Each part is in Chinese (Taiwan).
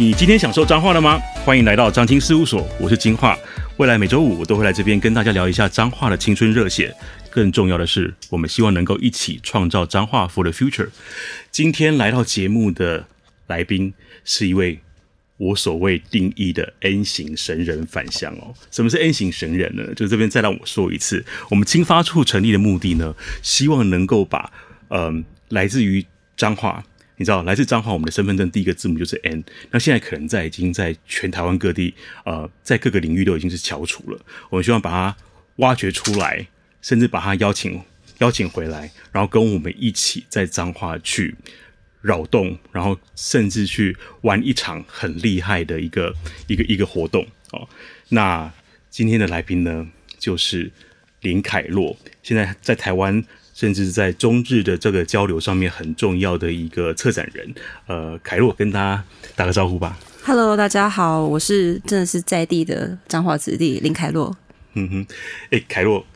你今天享受彰化了嗎？歡迎來到彰青事務所，我是金話。未來每週五我都會來這邊跟大家聊一下彰化的青春熱血。更重要的是，我們希望能夠一起創造彰化 for the future。今天來到節目的來賓是一位我所謂定義的 N 型神人返鄉哦。什麼是 N 型神人呢？就這邊再讓我說一次，我們青發處成立的目的呢，希望能夠把嗯、呃、來自於彰化。你知道，來自彰化，我們的身份證第一個字母就是 N。那現在可能在已經在全台灣各地，呃，在各個領域都已經是翹楚了。我們希望把它挖掘出來，甚至把它邀請邀請回來，然後跟我們一起在彰化去擾動，然後甚至去玩一場很厲害的一個一個一個活動哦。那今天的來賓呢，就是林凱洛，現在在台灣。甚至在中日的這個交流上面很重要的一個策展人。呃，凱洛，跟大家打個招呼吧。Hello，大家好，我是真的是在地的彰化子弟林凱洛。嗯哼，哎、欸，凱洛，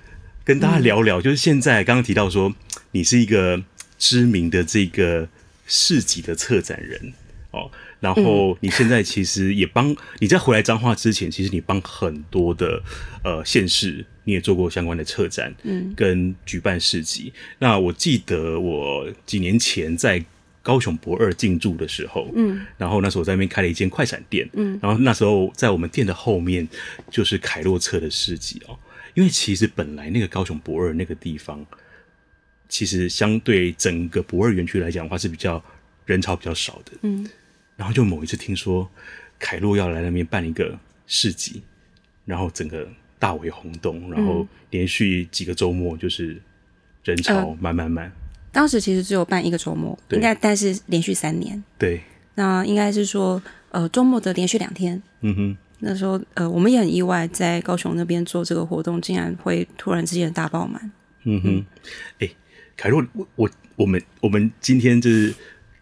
跟大家聊聊，嗯、就是現在剛剛提到說，你是一個知名的這個市集的策展人哦。然後你現在其實也幫你在回來彰化之前，其實你幫很多的呃縣市，你也做過相關的策展，嗯，跟舉辦市集，嗯。那我記得我幾年前在高雄博二進駐的時候，嗯，然後那時候我在那邊開了一間快閃店，嗯，然後那時候在我們店的後面就是凱洛策的市集哦，因為其實本來那個高雄博二那個地方，其實相對整個博二園區來講的話是比較人潮比較少的，嗯。然後就某一次聽說凱洛要來那邊辦一個市集，然後整個大為轟動，然後連續幾個周末就是人潮滿滿滿。嗯呃、當時其實只有辦一個周末對，應該但是連續三年。對，那應該是說呃周末的連續兩天。嗯哼。那時候呃我們也很意外，在高雄那邊做這個活動，竟然會突然之間大爆滿。嗯哼。哎、欸，凱洛，我我我們我們今天就是。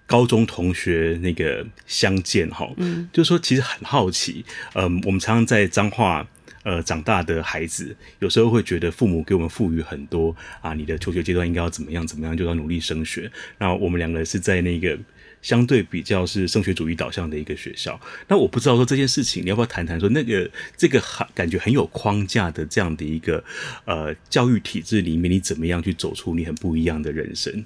高中同學那個相見哈、嗯，就是說，其實很好奇，嗯，我們常常在彰化，呃長大的孩子，有時候會覺得父母給我們賦予很多啊，你的求學階段應該要怎麼樣怎麼樣，就要努力升學。那我們兩個人是在那個相對比較是升學主義導向的一個學校，那我不知道說這件事情你要不要談談說那個這個感覺很有框架的這樣的一個呃教育體制裡面，你怎麼樣去走出你很不一樣的人生？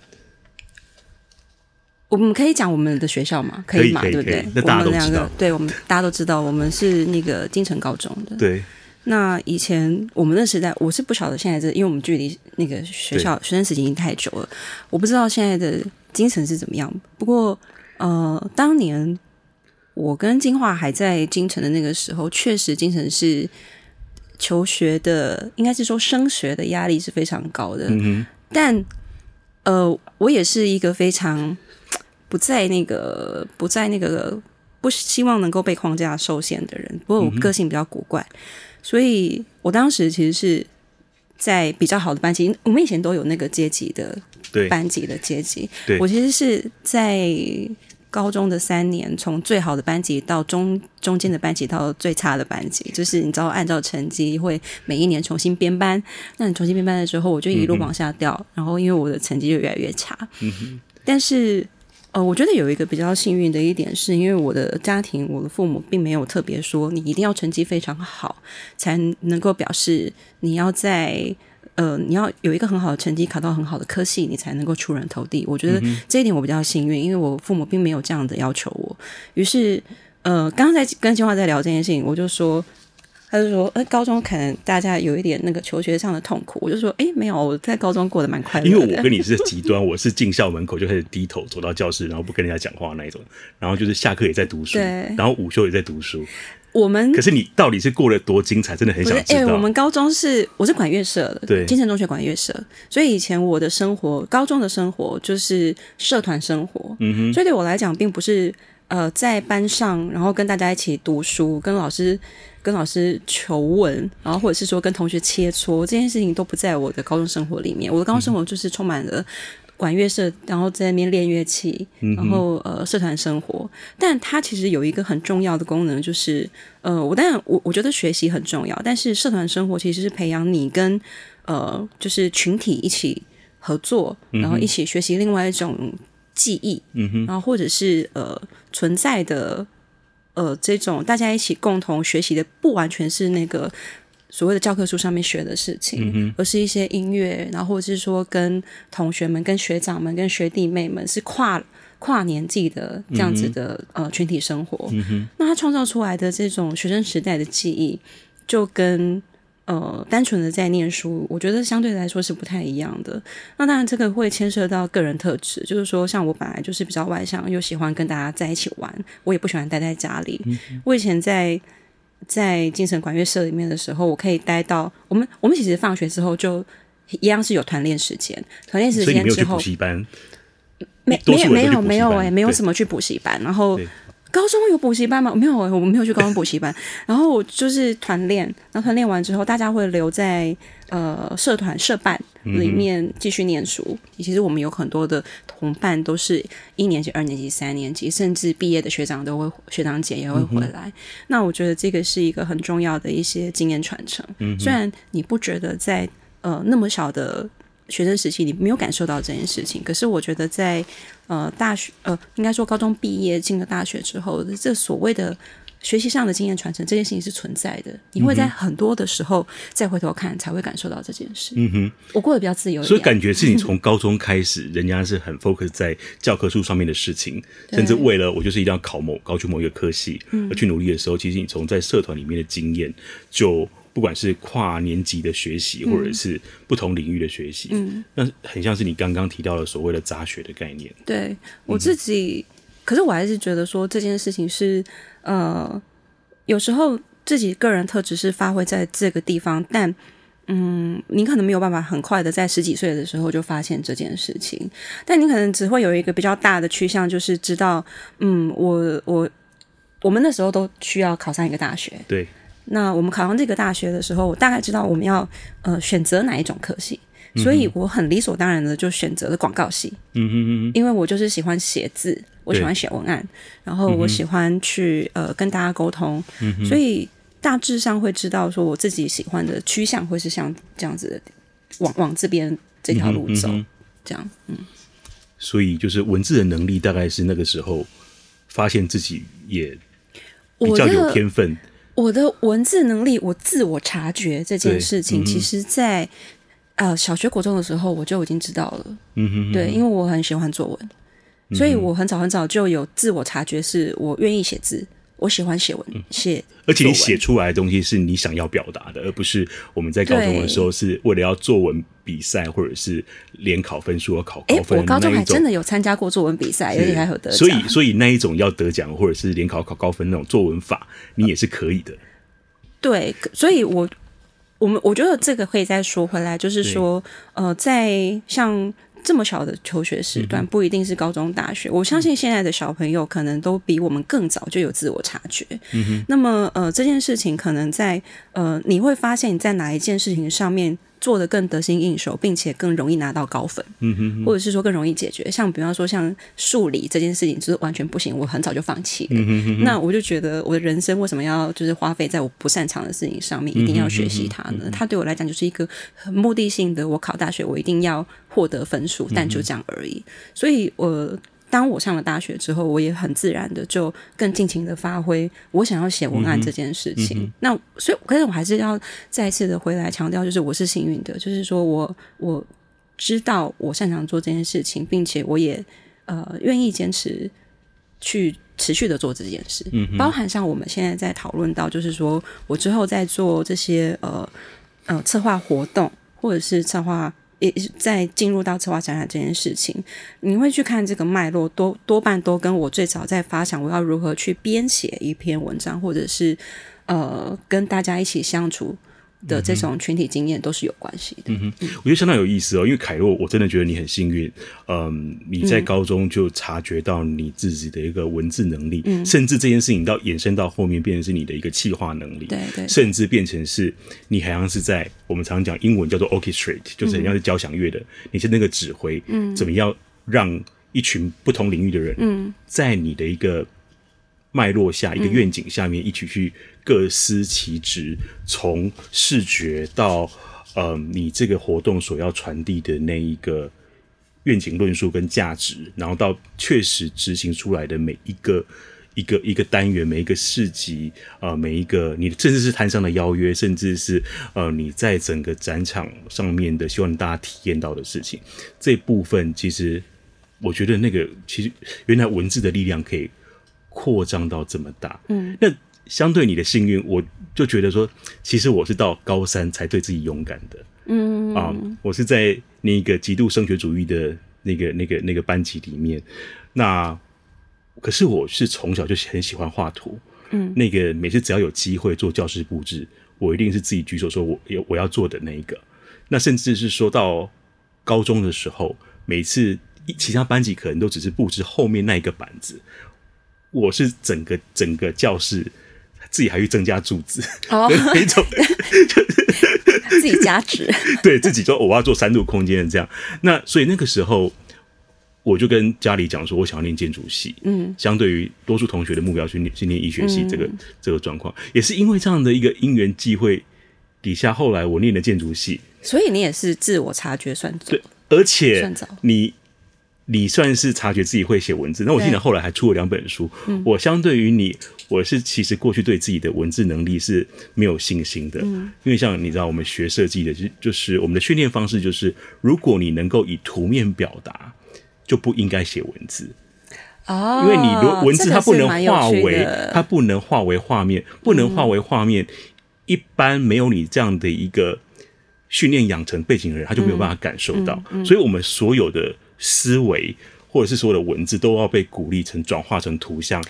我們可以講我們的學校嘛？可以嘛？可以可以對不對？可以可以我們兩個，對我們大家都知道，我們是那個精誠高中的。對。那以前我們那時代，我是不曉得現在是、這個、因為我們距離那個學校學生時間已經太久了，我不知道現在的精誠是怎麼樣。不過，呃，當年我跟金華還在精誠的那個時候，確實精誠是求學的，應該是說升學的壓力是非常高的。嗯，但，呃，我也是一個非常。不在那個，不在那個，不希望能夠被框架受限的人。不過我個性比較古怪、嗯，所以我當時其實是在比較好的班級。我們以前都有那個階級的，對，班級的階級對。我其實是在高中的三年，從最好的班級到中中間的班級到最差的班級，就是你知道，按照成績會每一年重新編班。那你重新編班的時候，我就一路往下掉、嗯，然後因為我的成績就越來越差。嗯、但是。呃，我覺得有一個比較幸運的一點，是因為我的家庭，我的父母並沒有特別說你一定要成績非常好才能夠表示你要在呃，你要有一個很好的成績，考到很好的科系，你才能夠出人頭地。我覺得這一點我比較幸運，因為我父母並沒有這樣的要求我。於是，呃，剛剛在跟計劃在聊這件事情，我就說。他就說：“哎、呃，高中可能大家有一點那個求學上的痛苦。”我就說：“哎，沒有，我在高中過得蠻快樂的。”因為我跟你是極端， 我是進校門口就開始低頭走到教室，然後不跟人家講話那種，然後就是下課也在讀書，對，然後午休也在讀書。我們，可是你到底是過得多精彩？真的很想知道。我們高中是，我是管樂社的，對，精誠中學管樂社，所以以前我的生活，高中的生活就是社團生活，嗯哼。所以對我來講，並不是呃在班上，然後跟大家一起讀書，跟老師。跟老師求問，然後或者是說跟同學切磋，這件事情都不在我的高中生活裡面。我的高中生活就是充滿了管樂社，嗯、然後在那邊練樂器，嗯、然後呃社團生活。但它其實有一個很重要的功能，就是呃我但我我覺得學習很重要，但是社團生活其實是培養你跟呃就是群體一起合作，然後一起學習另外一種技藝、嗯，然後或者是呃存在的。呃，這種大家一起共同學習的，不完全是那個所謂的教科書上面學的事情，嗯、而是一些音樂，然後是說跟同學們、跟學長們、跟學弟妹們是跨跨年紀的這樣子的、嗯、呃群體生活、嗯。那他創造出來的這種學生時代的記憶，就跟。呃，單純的在念書，我覺得相對來說是不太一樣的。那當然，這個會牽涉到個人特質，就是說，像我本來就是比較外向，又喜歡跟大家在一起玩，我也不喜歡待在家裡。嗯。我以前在在精神管樂社裡面的時候，我可以待到我們我們其實放學之後就一樣是有團練時間，團練時間之後沒有去補習班，沒沒，沒有沒有哎，沒有什麼去補習班，然後。高中有補習班嗎？沒有，我們沒有去高中補習班。 然後我就是團練，那團練完之後，大家會留在呃社團社辦裡面繼續念書，嗯。其實我們有很多的同伴，都是一年級、二年級、三年級，甚至畢業的學長都會，學長姐也會回來，嗯。那我覺得這個是一個很重要的一些經驗傳承。嗯、雖然你不覺得在呃那麼小的。學生時期你沒有感受到這件事情，可是我覺得在呃大學呃應該說高中畢業進了大學之後，這所謂的學習上的經驗傳承，這件事情是存在的。你會在很多的時候再回頭看，才會感受到這件事。嗯哼，我過得比較自由，所以感覺是你從高中開始，人家是很 focus 在教科書上面的事情， 甚至為了我就是一定要考某，考去某一個科系而去努力的時候，嗯、其實你從在社團裡面的經驗就。不管是跨年級的學習，或者是不同領域的學習，嗯，那很像是你剛剛提到的所謂的雜學的概念。對我自己，嗯，可是我還是覺得說這件事情是，呃，有時候自己個人特質是發揮在這個地方，但嗯，你可能沒有辦法很快的在十幾歲的時候就發現這件事情，但你可能只會有一個比較大的趨向，就是知道，嗯，我我我們那時候都需要考上一個大學，對。那我們考上這個大學的時候，我大概知道我們要呃選擇哪一種科系，所以我很理所當然的就選擇了廣告系。嗯嗯嗯嗯，因為我就是喜歡寫字，我喜歡寫文案，然後我喜歡去、嗯、呃跟大家溝通、嗯哼，所以大致上會知道說我自己喜歡的趨向會是像這樣子的，往往這邊這條路走，嗯哼嗯哼這樣嗯。所以就是文字的能力，大概是那個時候發現自己也比較有天分我、這個。我的文字能力，我自我察覺這件事情，嗯，其實在呃小學、國中的時候，我就已經知道了。嗯哼哼，對，因為我很喜歡作文，嗯，所以我很早很早就有自我察覺，是我願意寫字。我喜歡寫文寫、嗯，而且你寫出來的東西是你想要表達的、嗯，而不是我們在高中的時候是為了要作文比賽或者是聯考分數要考高分那種。欸、我高中還真的有參加過作文比賽，而且還得獎。所以，所以那一種要得獎或者是聯考考高分那種作文法，啊，你也是可以的。對，所以我，我我們我覺得這個可以再說回來，就是說，呃，在像。這麼小的求學時段、嗯，不一定是高中大學。我相信現在的小朋友可能都比我們更早就有自我察覺。嗯、那麼呃，這件事情可能在呃，你會發現你在哪一件事情上面。做得更得心應手，並且更容易拿到高分，嗯哼，或者是說更容易解決。像比方說像數理這件事情，就是完全不行，我很早就放棄了。 那我就覺得我的人生為什麼要就是花費在我不擅長的事情上面？一定要學習它呢？它 對我來講就是一個很目的性的。我考大學，我一定要獲得分數，但就這樣而已。所以，我。當我上了大學之後，我也很自然的就更盡情的發揮我想要寫文案這件事情。嗯嗯、那所以，可是我還是要再次的回來強調，就是我是幸運的，就是說我我知道我擅長做這件事情，並且我也呃願意堅持去持續的做這件事。嗯、包含像我們現在在討論到，就是說我之後在做這些呃呃策劃活動或者是策劃。也在進入到策劃展覽這件事情，你會去看這個脈絡，多多半都跟我最早在發想，我要如何去編寫一篇文章，或者是呃跟大家一起相處的這種群體經驗都是有關係的。嗯哼，我覺得相當有意思哦，因為凱洛，我真的覺得你很幸運。嗯，你在高中就察覺到你自己的一個文字能力，嗯、甚至這件事情到延伸到後面，變成是你的一個企劃能力。對，對對，甚至變成是你好像是在我們常常講英文叫做 orchestrate，就是像是交響樂的、嗯，你是那個指揮，嗯，怎麼樣讓一群不同領域的人，嗯，在你的一個脈絡下、嗯、一個願景下面一起去。各司其職，從視覺到呃，你這個活動所要傳遞的那一個願景論述跟價值，然後到確實執行出來的每一個一個一個單元、每一個市集呃，每一個你甚至是攤上的邀約，甚至是呃你在整個展場上面的，希望大家體驗到的事情，這部分其實我覺得那個其實原來文字的力量可以擴張到這麼大，嗯，那。相對你的幸運，我就覺得說，其實我是到高三才對自己勇敢的。嗯啊，我是在那個極度升學主義的那個、那個、那個班級裡面。那可是我是從小就很喜歡畫圖。嗯，那個每次只要有機會做教室佈置，我一定是自己舉手說「我我我要做的那一個」。那甚至是說到高中的時候，每次其他班級可能都只是佈置後面那一個板子，我是整個整個教室。自己還去增加柱子，一、oh. 種 自己加值，對自己做，偶爾做三度空間的這樣。那所以那個時候，我就跟家裡講說，我想要念建築系。嗯，相對於多數同學的目標去念去念醫學系、這個嗯，這個這個狀況，也是因為這樣的一個因緣際會底下，後來我念了建築系。所以你也是自我察覺算早，而且算早你。你算是察覺自己會寫文字，那我記得後來還出了兩本書、嗯。我相對於你，我是其實過去對自己的文字能力是沒有信心的，嗯、因為像你知道我、就是，我們學設計的，就就是我們的訓練方式就是，如果你能夠以圖面表達，就不應該寫文字、哦、因為你如文字它不能化為、這個，它不能化為畫面，不能化為畫面、嗯，一般沒有你這樣的一個訓練養成背景的人，他就沒有辦法感受到，嗯嗯嗯、所以我們所有的。思維，或者是所有的文字都要被鼓勵成轉化成圖像，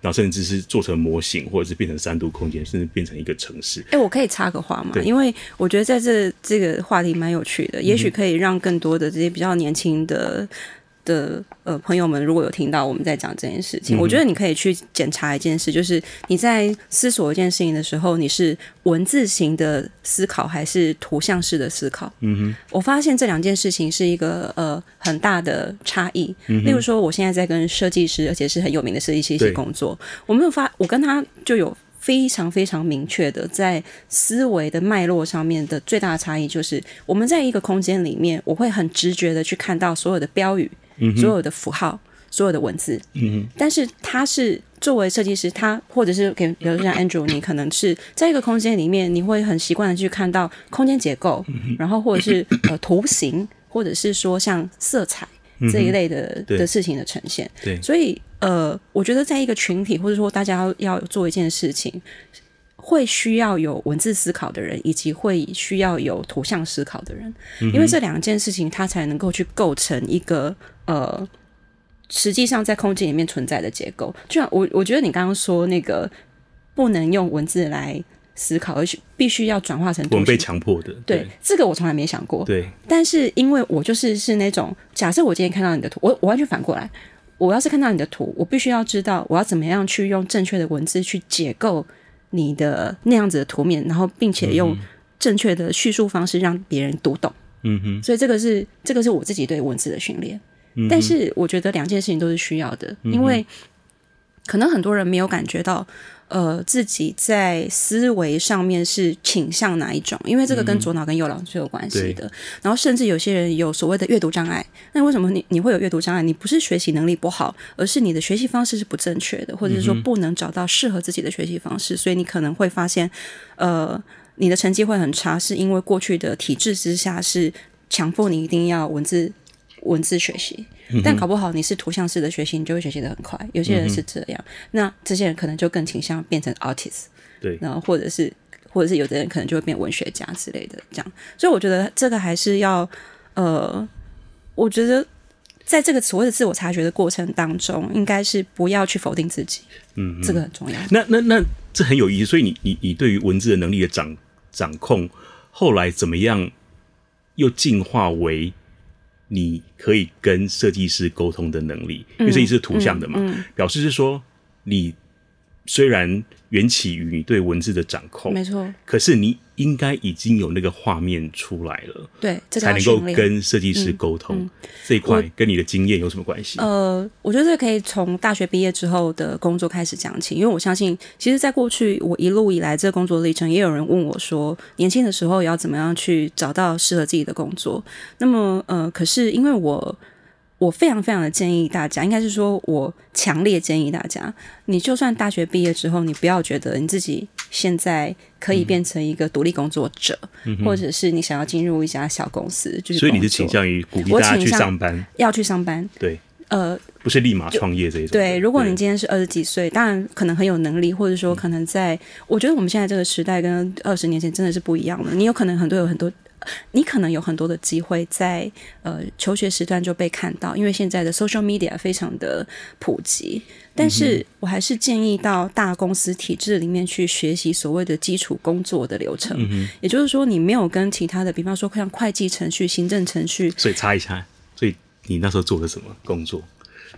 然後甚至是做成模型，或者是變成三度空間，甚至變成一個城市。誒、欸，我可以插個話嗎？因為我覺得在這這個話題蠻有趣的，也許可以讓更多的這些比較年輕的。嗯的呃，朋友們，如果有聽到我們在講這件事情、嗯，我覺得你可以去檢查一件事，就是你在思索一件事情的時候，你是文字型的思考還是圖像式的思考？嗯哼，我發現這兩件事情是一個呃很大的差異。嗯、例如說，我現在在跟設計師，而且是很有名的設計師一起工作，我沒有發，我跟他就有非常非常明確的在思維的脈絡上面的最大的差異，就是我們在一個空間裡面，我會很直覺的去看到所有的標語。所有的符號，嗯、所有的文字，嗯，但是他是作為設計師，他或者是給，比如說像 Andrew，你可能是在一個空間裡面，你會很習慣的去看到空間結構，嗯、然後或者是呃圖形，或者是說像色彩，嗯、這一類的，嗯、的事情的呈現。對，所以呃，我覺得在一個群體或者說大家要做一件事情。會需要有文字思考的人，以及會需要有圖像思考的人，嗯、因為這兩件事情，它才能夠去構成一個呃，實際上在空間裡面存在的結構。就像我，我覺得你剛剛說那個，不能用文字來思考，而且必須要轉化成我被強迫的。對，對這個，我從來沒想過。對，但是因為我就是是那種，假設我今天看到你的圖，我我完全反過來，我要是看到你的圖，我必須要知道我要怎麼樣去用正確的文字去解構。你的那樣子的圖面，然後並且用正確的敘述方式讓別人讀懂，嗯哼，所以這個是這個是我自己對文字的訓練，嗯，但是我覺得兩件事情都是需要的，嗯，因為可能很多人沒有感覺到。呃，自己在思維上面是傾向哪一種？因為這個跟左腦跟右腦是有關係的。嗯、然後，甚至有些人有所謂的閱讀障礙。那為什麼你你會有閱讀障礙？你不是學習能力不好，而是你的學習方式是不正確的，或者是說不能找到適合自己的學習方式。嗯、所以你可能會發現，呃，你的成績會很差，是因為過去的體制之下是強迫你一定要文字。文字學習，但搞不好你是圖像式的學習，你就會學習得很快。有些人是這樣，嗯、那這些人可能就更傾向變成 artist，對，然後或者是或者是有的人可能就會變文學家之類的這樣。所以我覺得這個還是要，呃，我覺得在這個所謂的自我察覺的過程當中，應該是不要去否定自己，嗯，這個很重要。那那那這很有意思。所以你你你對於文字的能力的掌掌控，後來怎麼樣又進化為？你可以跟設計師溝通的能力，因為設計師是圖像的嘛，嗯嗯嗯、表示是說你雖然源起於你對文字的掌控，沒錯，可是你。應該已經有那個畫面出來了，對，才能夠跟設計師溝通，嗯，嗯，這一塊，跟你的經驗有什麼關係？呃，我覺得這可以從大學畢業之後的工作開始講起，因為我相信，其實，在過去我一路以來這個工作歷程，也有人問我說，年輕的時候要怎麼樣去找到適合自己的工作？那麼，呃，可是因為我，我非常非常的建議大家，應該是說，我強烈建議大家，你就算大學畢業之後，你不要覺得你自己現在可以變成一個獨立工作者，嗯，或者是你想要進入一家小公司，就是。所以你是傾向於鼓勵大家去上班，要去上班，對，呃，不是立馬創業這一種。對。如果你今天是二十幾歲，當然可能很有能力，或者說可能在，嗯、我覺得我們現在這個時代跟二十年前真的是不一樣了，你有可能很多有很多。你可能有很多的機會在，呃、求學時段就被看到，因為現在的 social media 非常的普及。嗯、但是，我還是建議到大公司體制裡面去學習所謂的基礎工作的流程。嗯、也就是說，你沒有跟其他的，比方說像會計程序、行政程序。所以，猜一猜。所以你那時候做的什麼工作？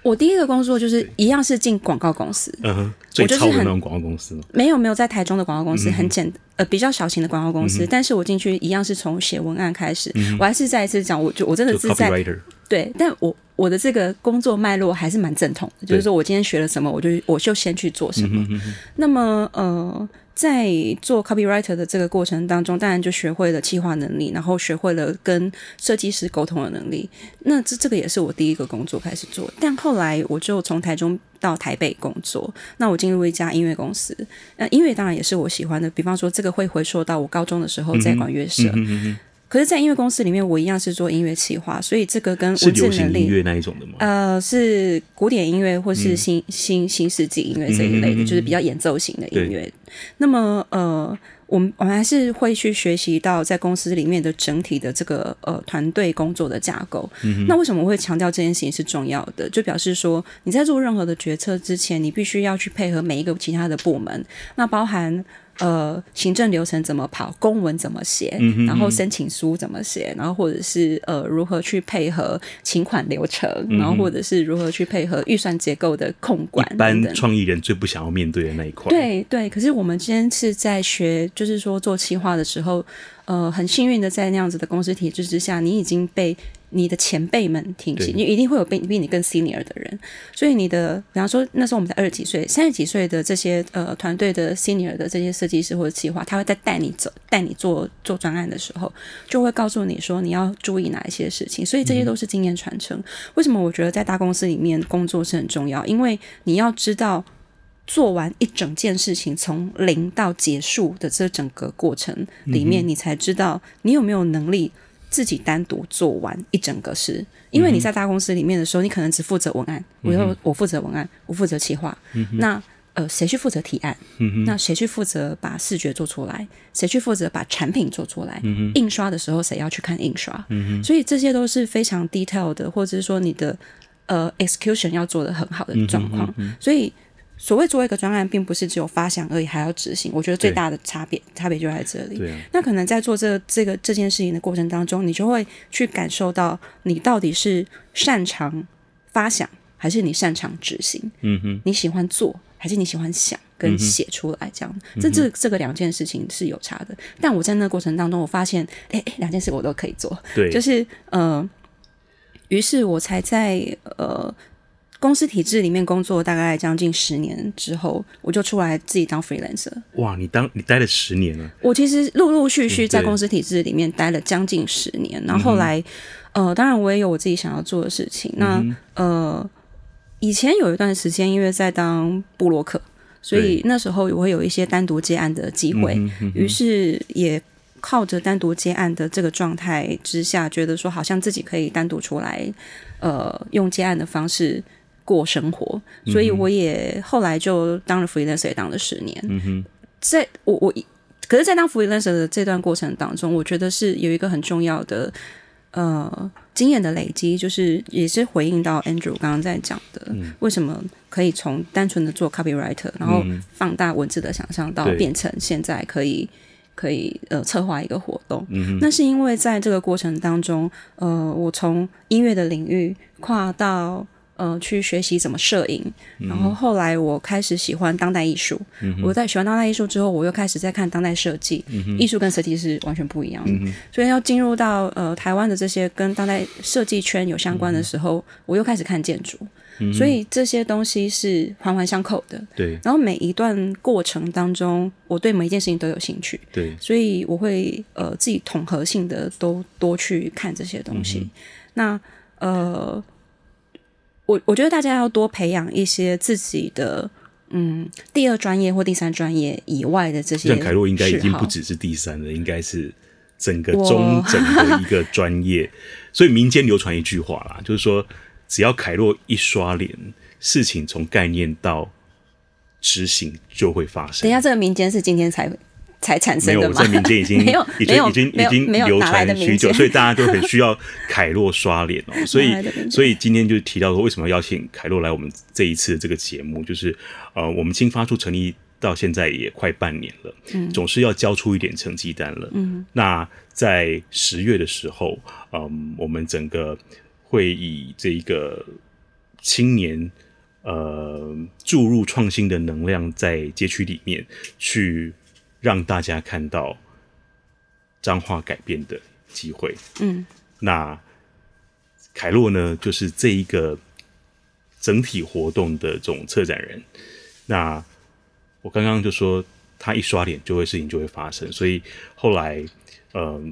我第一個工作就是一樣是進廣告、呃、告、告公司。嗯哼，我就是那種廣告公司。沒有沒有，在台中的廣告公司很簡單。呃，比較小型的廣告公司，嗯、但是我進去一樣是從寫文案開始、嗯。我還是再一次講，我就我真的是在 copywriter。對，但我我的這個工作脈絡還是蠻正統的，就是說我今天學了什麼，我就我就先去做什麼。嗯哼嗯哼。那麼呃，在做 copywriter 的這個過程當中，當然就學會了企劃能力，然後學會了跟設計師溝通的能力。那這這個也是我第一個工作開始做，但後來我就從台中。到台北工作，那我進入一家音樂公司，那音樂當然也是我喜歡的，比方說這個會回溯，到我高中的時候在管樂社。嗯嗯嗯嗯可是，在音樂公司裡面，我一樣是做音樂企劃，所以這個跟文字能力，是流行音樂那一種的嗎？呃，是古典音樂或是新、嗯、新新世紀音樂這一類的、嗯，就是比較演奏型的音樂。那麼，呃，我們我們還是會去學習到在公司裡面的整體的這個呃團隊工作的架構、嗯。那為什麼我會強調這件事情是重要的？就表示說，你在做任何的決策之前，你必須要去配合每一個其他的部門，那包含。呃，行政流程怎麼跑，公文怎麼寫、嗯，然後申請書怎麼寫，然後或者是呃，如何去配合請款流程，然後或者是如何去配合預算結構的控管等等。一般創意人最不想要面對的那一塊。對對，可是我們今天是在學，就是說做企劃的時候，呃，很幸運的在那樣子的公司體制之下，你已經被。你的前輩們聽起，你一定會有比比你更 senior 的人，所以你的，比方說那時候我們才二十幾歲、三十幾歲的這些呃團隊的 senior 的這些設計師或者企劃，他會在帶你走、帶你做做專案的時候，就會告訴你說你要注意哪一些事情，所以這些都是經驗傳承，嗯，為什麼我覺得在大公司裡面工作是很重要？因為你要知道做完一整件事情從零到結束的這整個過程裡面，嗯嗯你才知道你有沒有能力。自己單獨做完一整個事，因為你在大公司裡面的時候，你可能只負責文案、嗯，我要我負責文案，我負責企劃、嗯，那呃誰去負責提案？嗯、那誰去負責把視覺做出來？誰去負責把產品做出來？嗯、印刷的時候誰要去看印刷、嗯？所以這些都是非常 detail 的，或者是說你的呃 execution 要做得很好的狀況、嗯，所以。所謂做一個專案，並不是只有發想而已，還要執行。我覺得最大的差別，差別就在這裡、啊。那可能在做這個、這個這件事情的過程當中，你就會去感受到，你到底是擅長發想，還是你擅長執行、嗯哼？你喜歡做，還是你喜歡想跟寫出來？這樣，嗯、這這這個兩件事情是有差的。嗯、但我在那過程當中，我發現，誒、欸，兩、欸、件事我都可以做。對，就是呃，於是我才在呃。公司體制裡面工作大概將近十年之後，我就出來自己當 freelancer。哇，你當你待了十年了？啊？我其實陸陸續續在公司體制裡面待了將近十年，然後，後來、嗯，呃，當然我也有我自己想要做的事情。嗯、那呃，以前有一段時間因為在當部落客，所以那時候我會有一些單獨接案的機會，嗯，於是也靠着單獨接案的這個狀態之下，覺得說好像自己可以單獨出來，呃，用接案的方式。過生活，所以我也後來就當了 freelancer，也當了十年。嗯、在我我可是在當 freelancer 的這段過程當中，我覺得是有一個很重要的呃經驗的累積，就是也是回應到 Andrew 剛剛在講的、嗯，為什麼可以從單純的做 copywriter，然後放大文字的想象到，到、嗯、變成現在可以可以呃策劃一個活動、嗯。那是因為在這個過程當中，呃，我從音樂的領域跨到。呃，去學習怎麼攝影，然後後來我開始喜歡當代藝術、嗯。我在喜歡當代藝術之後，我又開始在看當代設計。嗯、藝術跟設計是完全不一樣的，嗯、所以要進入到呃台灣的這些跟當代設計圈有相關的時候，嗯、我又開始看建築、嗯。所以這些東西是環環相扣的。對。然後每一段過程當中，我對每一件事情都有興趣。對。所以我會呃自己統合性的都多去看這些東西。嗯、那呃。我我覺得大家要多培養一些自己的，嗯，第二專業或第三專業以外的這些。就像凱洛應該已經不只是第三了，應該是整個中整個一個專業。 所以民間流傳一句話啦，就是說，只要凱洛一刷臉，事情從概念到執行就會發生。等一下這個民間是今天才會。才產生沒有？在民間已經 沒有，已經已經已經流傳許久，所以大家都很需要凱洛刷臉哦。 所以，所以今天就提到說，為什麼要邀請凱洛來我們這一次的這個節目？就是呃，我們新發出成立到現在也快半年了，總是要交出一點成績單了。嗯、那在十月的時候，嗯、呃，我們整個會以這一個青年呃注入創新的能量在街區裡面去。讓大家看到彰化改變的機會。嗯，那凱洛呢，就是這一個整體活動的總策展人。那我剛剛就說，他一刷臉，就會事情就會發生。所以後來，嗯、呃，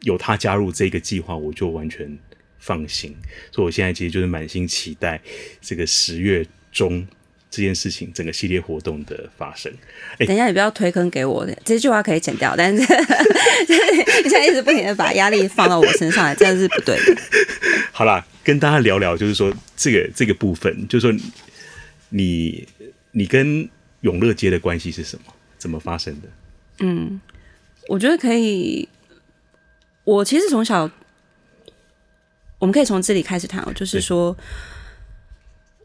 有他加入這個計劃，我就完全放心。所以我現在其實就是滿心期待這個十月中。這件事情整個系列活動的發生，欸、等一下，你不要推坑給我，這句話可以剪掉，但是你 現在一直不停的把壓力放到我身上來，這樣 就是不對的。好啦，跟大家聊聊，就是說這個這個部分，就是說你你，你跟永樂街的關係是什麼？怎麼發生的？嗯，我覺得可以。我其實從小，我們可以從這裡開始談、哦，就是說。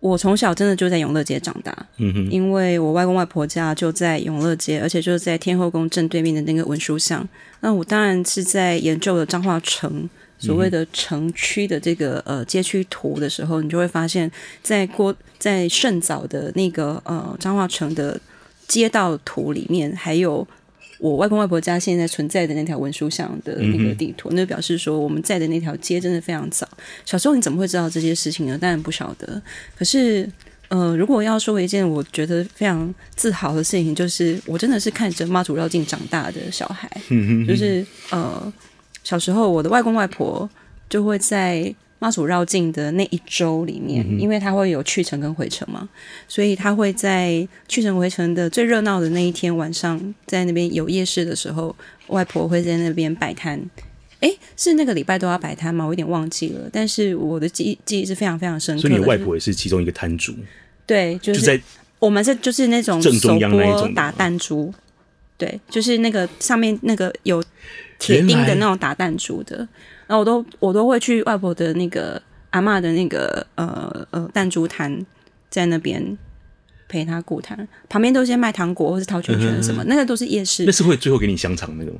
我從小真的就在永樂街長大，嗯哼，因為我外公外婆家就在永樂街，而且就是在天後宮正對面的那個文殊巷。那我當然是在研究了彰化城所謂的城區的這個、嗯、呃街區圖的時候，你就會發現在，在過在甚早的那個呃彰化城的街道圖裡面，還有。我外公外婆家現在存在的那條文書巷的那個地圖、嗯，那就表示說我們在的那條街真的非常早。小時候你怎麼會知道這些事情呢？當然不曉得。可是，呃，如果要說一件我覺得非常自豪的事情，就是我真的是看着媽祖繞境長大的小孩。嗯、就是呃，小時候我的外公外婆就會在。媽祖繞境的那一周裡面，嗯、因為它會有去程跟回程嘛，所以他會在去程回程的最熱鬧的那一天晚上，在那邊有夜市的時候，外婆會在那邊擺攤。誒，是那個禮拜都要擺攤嗎？我有點忘記了。但是我的記憶記憶是非常非常深刻的。所以你外婆也是其中一個攤主。對、就是，就是在我們這就是那種正中央打彈珠。對，就是那個上面那個有鐵釘的那種打彈珠的。哦、我都我都會去外婆的那個阿嬤的那個呃呃彈珠攤，在那邊陪她顧攤，旁邊都是些賣糖果或是套圈圈什麼，嗯，那個都是夜市。那是會最後給你香腸那個嗎？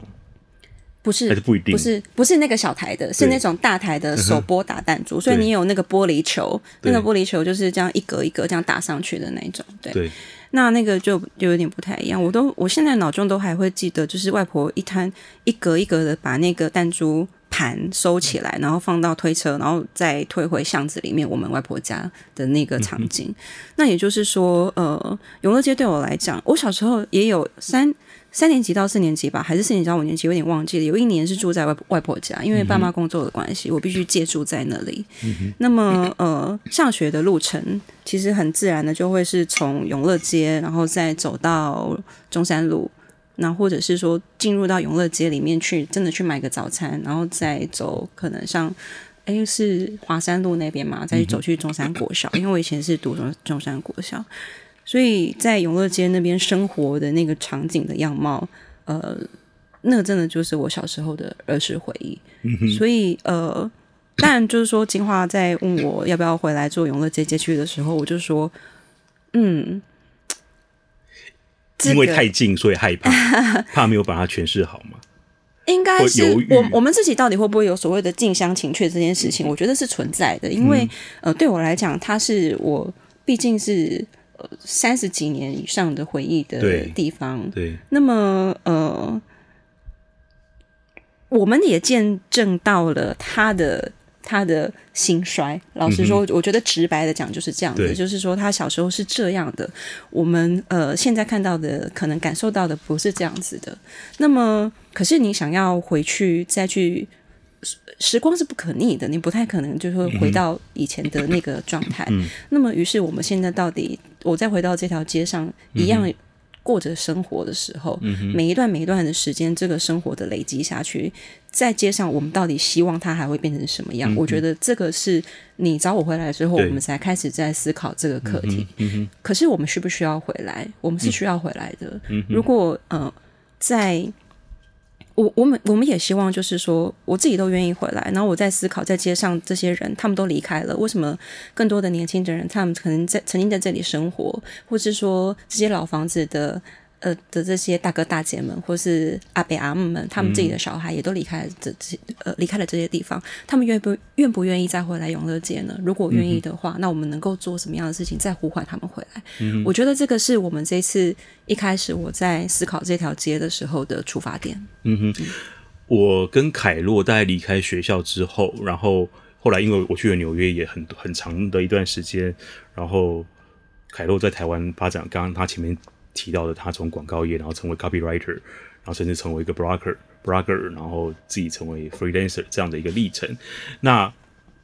不是，是不一定，不是不是那個小台的，是那種大台的手撥打彈珠，所以你有那個玻璃球，那個玻璃球就是這樣一格一格這樣打上去的那種。對，對那那個就就有點不太一樣。我都我現在腦中都還會記得，就是外婆一攤一格一格的把那個彈珠盤收起來，然後放到推車，然後再推回巷子裡面。我們外婆家的那個場景，嗯、那也就是說，呃，永樂街對我來講，我小時候也有三三年級到四年級吧，還是四年級到五年級，我有點忘記了。有一年是住在外外婆家，因為爸媽工作的關係，我必須借住在那裡。嗯、那麼，呃，上學的路程其實很自然的就會是從永樂街，然後再走到中山路。那或者是說進入到永樂街裡面去，真的去買個早餐，然後再走，可能像，哎，是華山路那邊嘛，再去走去中山國小，因為我以前是讀中山國小，所以在永樂街那邊生活的那個場景的樣貌，呃，那個真的就是我小時候的兒時回憶，嗯、哼，所以呃，但就是說金華在問我要不要回來做永樂街街區的時候，我就說，嗯。因為太近，所以害怕， 怕沒有把它詮釋好嗎？應該是我，我們自己到底會不會有所謂的近鄉情怯這件事情？我覺得是存在的，因為、嗯、呃，對我來講，他是我畢竟是三十幾年以上的回憶的地方，對，那麼呃，我們也見證到了他的。他的興衰，老實說、嗯，我覺得直白的講就是這樣子，就是說他小時候是這樣的，我們呃現在看到的可能感受到的不是這樣子的。那麼，可是你想要回去再去，時光是不可逆的，你不太可能就是說回到以前的那個狀態。嗯、那麼，於是我們現在到底，我再回到這條街上、嗯、一樣。過着生活的時候、嗯，每一段每一段的時間，這個生活的累積下去，在街上，我們到底希望它還會變成什麼樣？嗯、我覺得這個是你找我回來之後，我們才開始在思考這個課題、嗯。可是我們需不需要回來？我們是需要回來的。嗯、如果嗯、呃，在。我我們我們也希望，就是說，我自己都願意回來。然後我在思考，在街上這些人，他們都離開了，為什麼更多的年輕的人，他們可能在曾經在這裡生活，或是說這些老房子的。呃的這些大哥大姐們，或是阿伯阿姆們，他們自己的小孩也都離開了這這、嗯、呃離開了這些地方，他們願不願不願意再回來永樂街呢？如果願意的話，嗯、那我們能夠做什麼樣的事情再呼喚他們回來、嗯？我覺得這個是我們這次一開始我在思考這條街的時候的出發點。嗯哼，我跟凱洛在離開學校之後，然後後來因為我去了紐約也很很長的一段時間，然後凱洛在台灣發展，剛剛他前面，提到的他從廣告業，然後成為 copywriter，然後甚至成為一個 broker，broker，然後自己成為 freelancer 這樣的一個歷程。那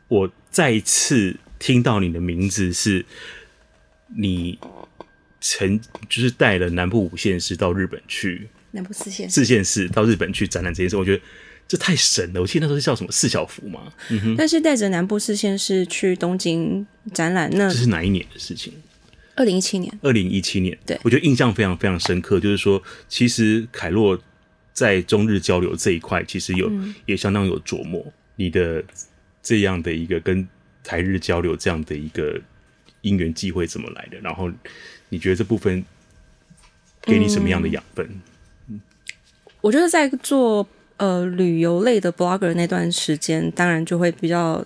我再一次聽到你的名字是，你曾就是帶了南部五縣市到日本去，南部四縣市，四縣市到日本去展覽這件事，我覺得這太神了。我記得那時候是叫什麼四小福嘛、嗯，但是帶着南部四縣市去東京展覽，那這是哪一年的事情？二零一七年，二零一七年，對，我覺得印象非常非常深刻。就是說，其實凱洛在中日交流這一塊，其實有、嗯、也相當有琢磨。你的這樣的一個跟台日交流這樣的一個因緣機會怎麼來的？然後你覺得這部分給你什麼樣的養分？嗯，我覺得在做呃旅遊類的 blogger 那段時間，當然就會比較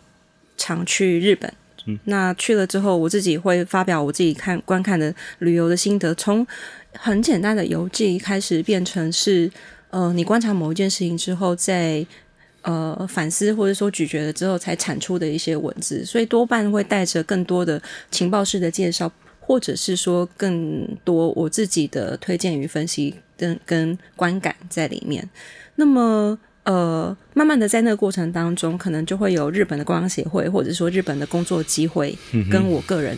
常去日本。那去了之後，我自己會發表我自己看觀看的旅遊的心得，從很簡單的遊記開始變成是，呃，你觀察某一件事情之後，在呃反思或者說咀嚼了之後才產出的一些文字，所以多半會帶着更多的情報式的介紹，或者是說更多我自己的推薦與分析跟跟觀感在裡面。那麼。呃，慢慢的在那個過程當中，可能就會有日本的觀光協會，或者說日本的工作機會，跟我個人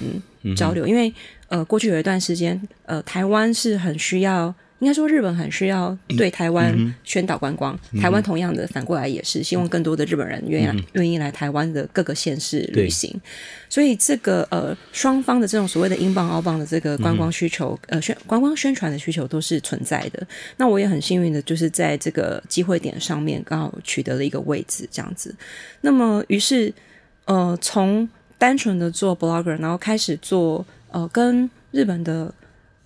交流。嗯嗯、因為呃，過去有一段時間，呃，台灣是很需要。應該說，日本很需要對台灣宣導觀光，嗯嗯、台灣同樣的反過來也是、嗯、希望更多的日本人願意願、嗯、意來台灣的各個縣市旅行，所以這個呃雙方的這種所謂的英鎊澳鎊的這個觀光需求，嗯、呃宣觀光宣傳的需求都是存在的。嗯、那我也很幸運的就是在這個機會點上面剛好取得了一個位置這樣子，那麼於是呃從單純的做 blogger，然後開始做呃跟日本的。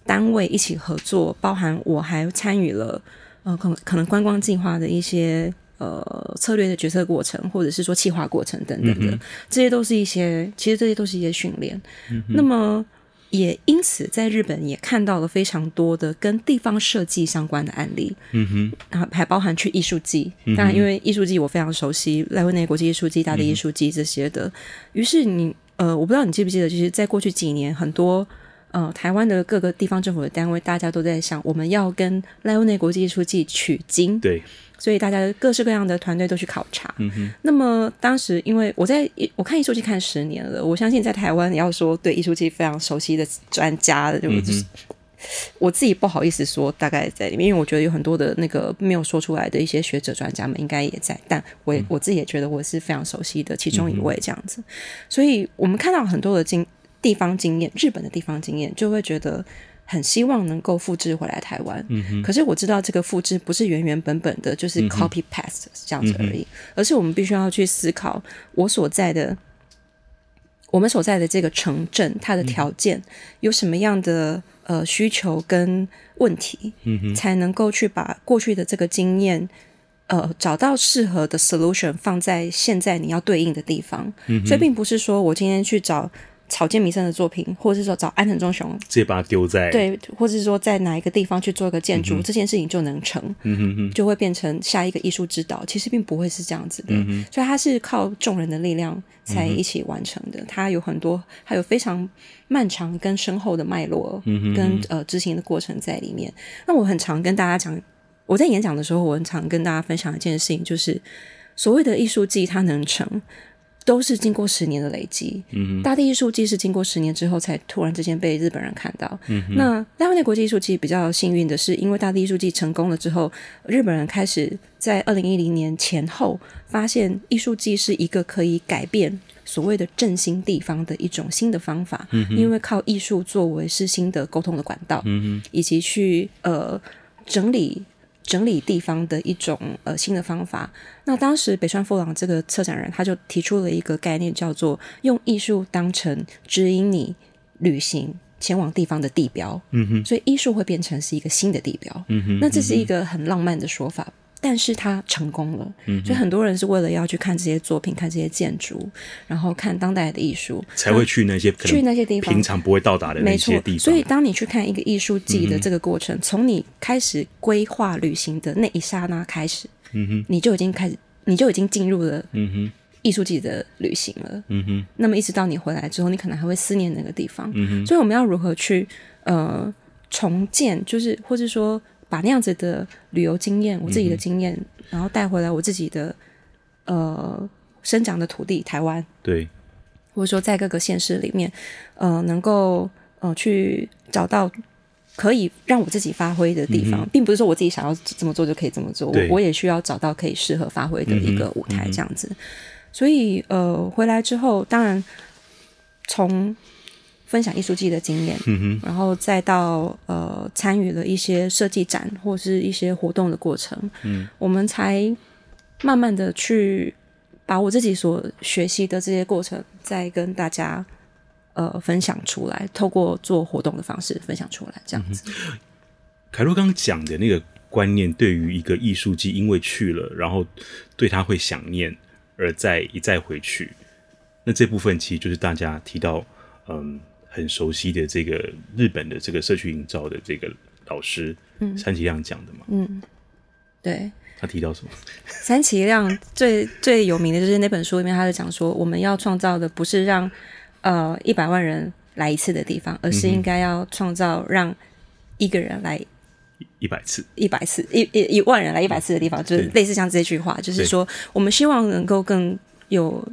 單位一起合作，包含我還參與了，呃，可可能觀光計劃的一些呃策略的決策過程，或者是說企劃過程等等的、嗯，這些都是一些，其實這些都是一些訓練。嗯、那麼也因此，在日本也看到了非常多的跟地方設計相關的案例。嗯哼，還、啊、還包含去藝術季、嗯，當然因為藝術季我非常熟悉瀨戶內國際藝術季、大地藝術季這些的、嗯。於是你，呃，我不知道你記不記得，就是在過去幾年很多。呃，台灣的各個地方政府的單位，大家都在想，我們要跟瀨戶內國際藝術季取經，對，所以大家各式各樣的團隊都去考察。嗯、那麼當時，因為我在我看藝術季看十年了，我相信在台灣，你要說對藝術季非常熟悉的專家，就是、嗯、我自己不好意思說，大概在裡面，因為我覺得有很多的那個沒有說出來的一些學者專家們應該也在，但我、嗯、我自己也覺得我是非常熟悉的其中一位這樣子，所以我們看到很多的經。地方經驗，日本的地方經驗，就會覺得很希望能夠複製回來台灣、嗯哼。可是我知道這個複製不是原原本本的，就是 copy paste 這樣子而已，嗯哼、而是我們必須要去思考我所在的，我們所在的這個城鎮，它的條件、嗯哼、有什麼樣的呃需求跟問題，嗯哼、才能夠去把過去的這個經驗，呃，找到適合的 solution 放在現在你要對應的地方。嗯哼、所以並不是說我今天去找。草間彌生的作品，或者是說找安藤忠雄，直接把它丟在對，或者是說在哪一個地方去做一個建築，嗯、這件事情就能成、嗯哼哼，就會變成下一個藝術之島。其實並不會是這樣子的，嗯、所以它是靠眾人的力量才一起完成的、嗯。它有很多，它有非常漫長跟深厚的脈絡，嗯、哼哼哼跟呃執行的過程在裡面。那我很常跟大家講，我在演講的時候，我很常跟大家分享一件事情，就是所謂的藝術季，它能成。都是經過十年的累積，嗯、大地藝術季是經過十年之後才突然之間被日本人看到。嗯、那瀨戶內的國際藝術季比較幸運的是，因為大地藝術季成功了之後，日本人開始在二零一零年前後發現藝術季是一個可以改變所謂的振興地方的一種新的方法。嗯、因為靠藝術作為是新的溝通的管道，嗯、以及去呃整理。整理地方的一種呃新的方法。那當時北川富朗這個策展人，他就提出了一個概念，叫做用藝術當成指引你旅行前往地方的地標。嗯哼，所以藝術會變成是一個新的地標。嗯哼，嗯哼，那這是一個很浪漫的說法。但是他成功了，嗯哼，所以很多人是為了要去看這些作品，看這些建築，然後看當代的藝術，才會去那些去那些地方平常不會到達的那些地方。沒錯，所以，當你去看一個藝術季的這個過程，從、嗯哼、你開始規劃旅行的那一剎那開始、嗯哼，你就已經開始，你就已經進入了藝術季的旅行了，嗯哼，那麼，一直到你回來之後，你可能還會思念那個地方，嗯哼、所以，我們要如何去呃重建，就是或者說。把那樣子的旅遊經驗，我自己的經驗，嗯、然後帶回來我自己的呃生長的土地台灣，對，或者說在各個縣市裡面，呃，能夠呃去找到可以讓我自己發揮的地方，嗯、並不是說我自己想要怎麼做就可以怎麼做，我我也需要找到可以適合發揮的一個舞台，嗯、這樣子。所以呃，回來之後，當然從。分享藝術季的經驗、嗯，然後再到呃參與了一些設計展或是一些活動的過程、嗯，我們才慢慢的去把我自己所學習的這些過程再跟大家呃分享出來，透過做活動的方式分享出來，這樣子。凱洛剛剛講的那個觀念，對於一個藝術季，因為去了，然後對他會想念，而再一再回去，那這部分其實就是大家提到嗯。很熟悉的這個日本的這個社區營造的這個老師，嗯，山崎亮講的嘛，嗯，對，他提到什麼？山崎亮最最有名的就是那本書裡面，他就講說，我們要創造的不是讓呃一百萬人來一次的地方，而是應該要創造讓一個人來一百次，嗯嗯、一百次，一一一萬人來一百次的地方，就是類似像這句話，就是說我們希望能夠更有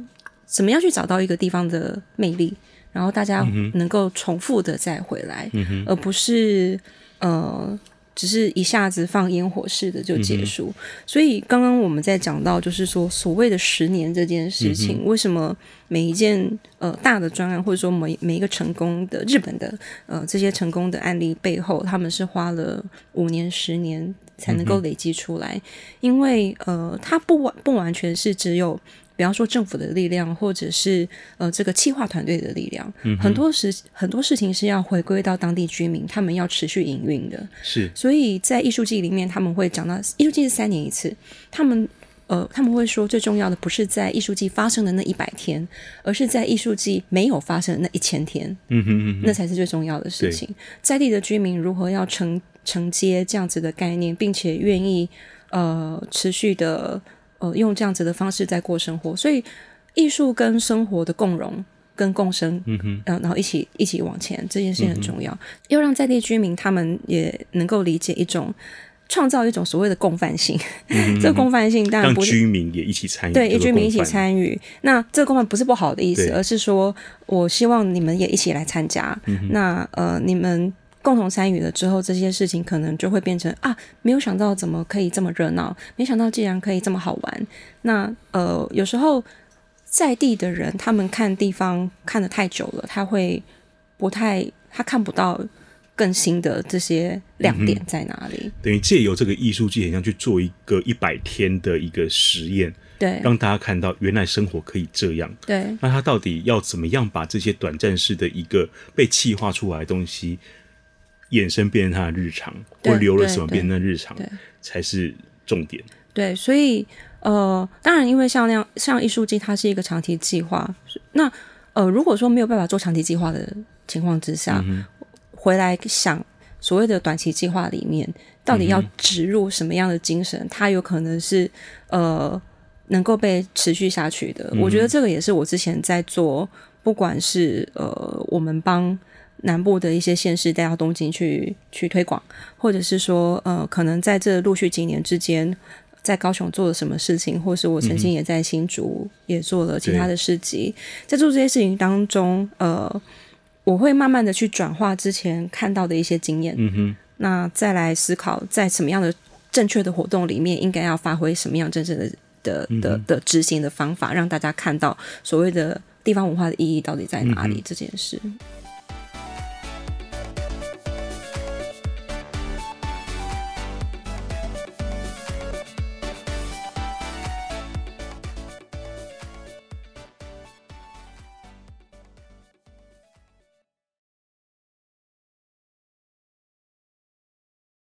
怎麼樣去找到一個地方的魅力。然後大家能夠重複的再回來，嗯、而不是呃，只是一下子放煙火式的就結束。嗯。所以剛剛我們在講到，就是說所謂的十年這件事情，嗯、為什麼每一件呃大的專案，或者說每每一個成功的日本的呃這些成功的案例背後，他們是花了五年、十年才能夠累積出來，嗯、因為呃，它不完不完全是只有。比方說政府的力量，或者是呃這個企劃團隊的力量，嗯、很多事很多事情是要回歸到當地居民，他們要持續營運的。是，所以在藝術季裡面，他們會講到藝術季是三年一次，他們呃他們會說最重要的不是在藝術季發生的那一百天，而是在藝術季沒有發生的那一千天，嗯哼嗯哼，那才是最重要的事情。在地的居民如何要承承接這樣子的概念，並且願意呃持續的。呃，用這樣子的方式在過生活，所以藝術跟生活的共融跟共生，嗯、呃、然後一起一起往前，這件事情很重要，要、嗯、讓在地居民他們也能夠理解一種創造一種所謂的共犯性，嗯、這個共犯性當然不是讓居民也一起參與，對，讓居民一起參與，那這個共犯不是不好的意思，而是說我希望你們也一起來參加，嗯、那呃你們。共同參與了之後，這些事情可能就會變成啊，沒有想到怎麼可以這麼熱鬧，沒想到竟然可以這麼好玩，那呃，有時候在地的人他們看地方看得太久了，他會不太他看不到更新的這些亮點在哪裡。嗯、等於借由這個藝術季好像去做一個一百天的一個實驗，對，讓大家看到原來生活可以這樣。對，那他到底要怎麼樣把這些短暫式的一個被企劃出來的東西？衍生變成他的日常，或留了什麼變成日常，才是重點。對，所以呃，當然，因為像那樣，像藝術季，它是一個長期計劃。那呃，如果說沒有辦法做長期計劃的情況之下，嗯、回來想所謂的短期計劃裡面，到底要植入什麼樣的精神，它、嗯、有可能是呃能夠被持續下去的、嗯。我覺得這個也是我之前在做，不管是呃我們幫。南部的一些縣市帶到東京去去推廣，或者是說，呃，可能在這陸續幾年之間，在高雄做了什麼事情，或是我曾經也在新竹、嗯、也做了其他的事跡，在做這些事情當中，呃，我會慢慢的去轉化之前看到的一些經驗、嗯，那再來思考在什麼樣的正確的活動裡面應該要發揮什麼樣真正的的的的執行的方法、嗯，讓大家看到所謂的地方文化的意義到底在哪裡這件事。嗯。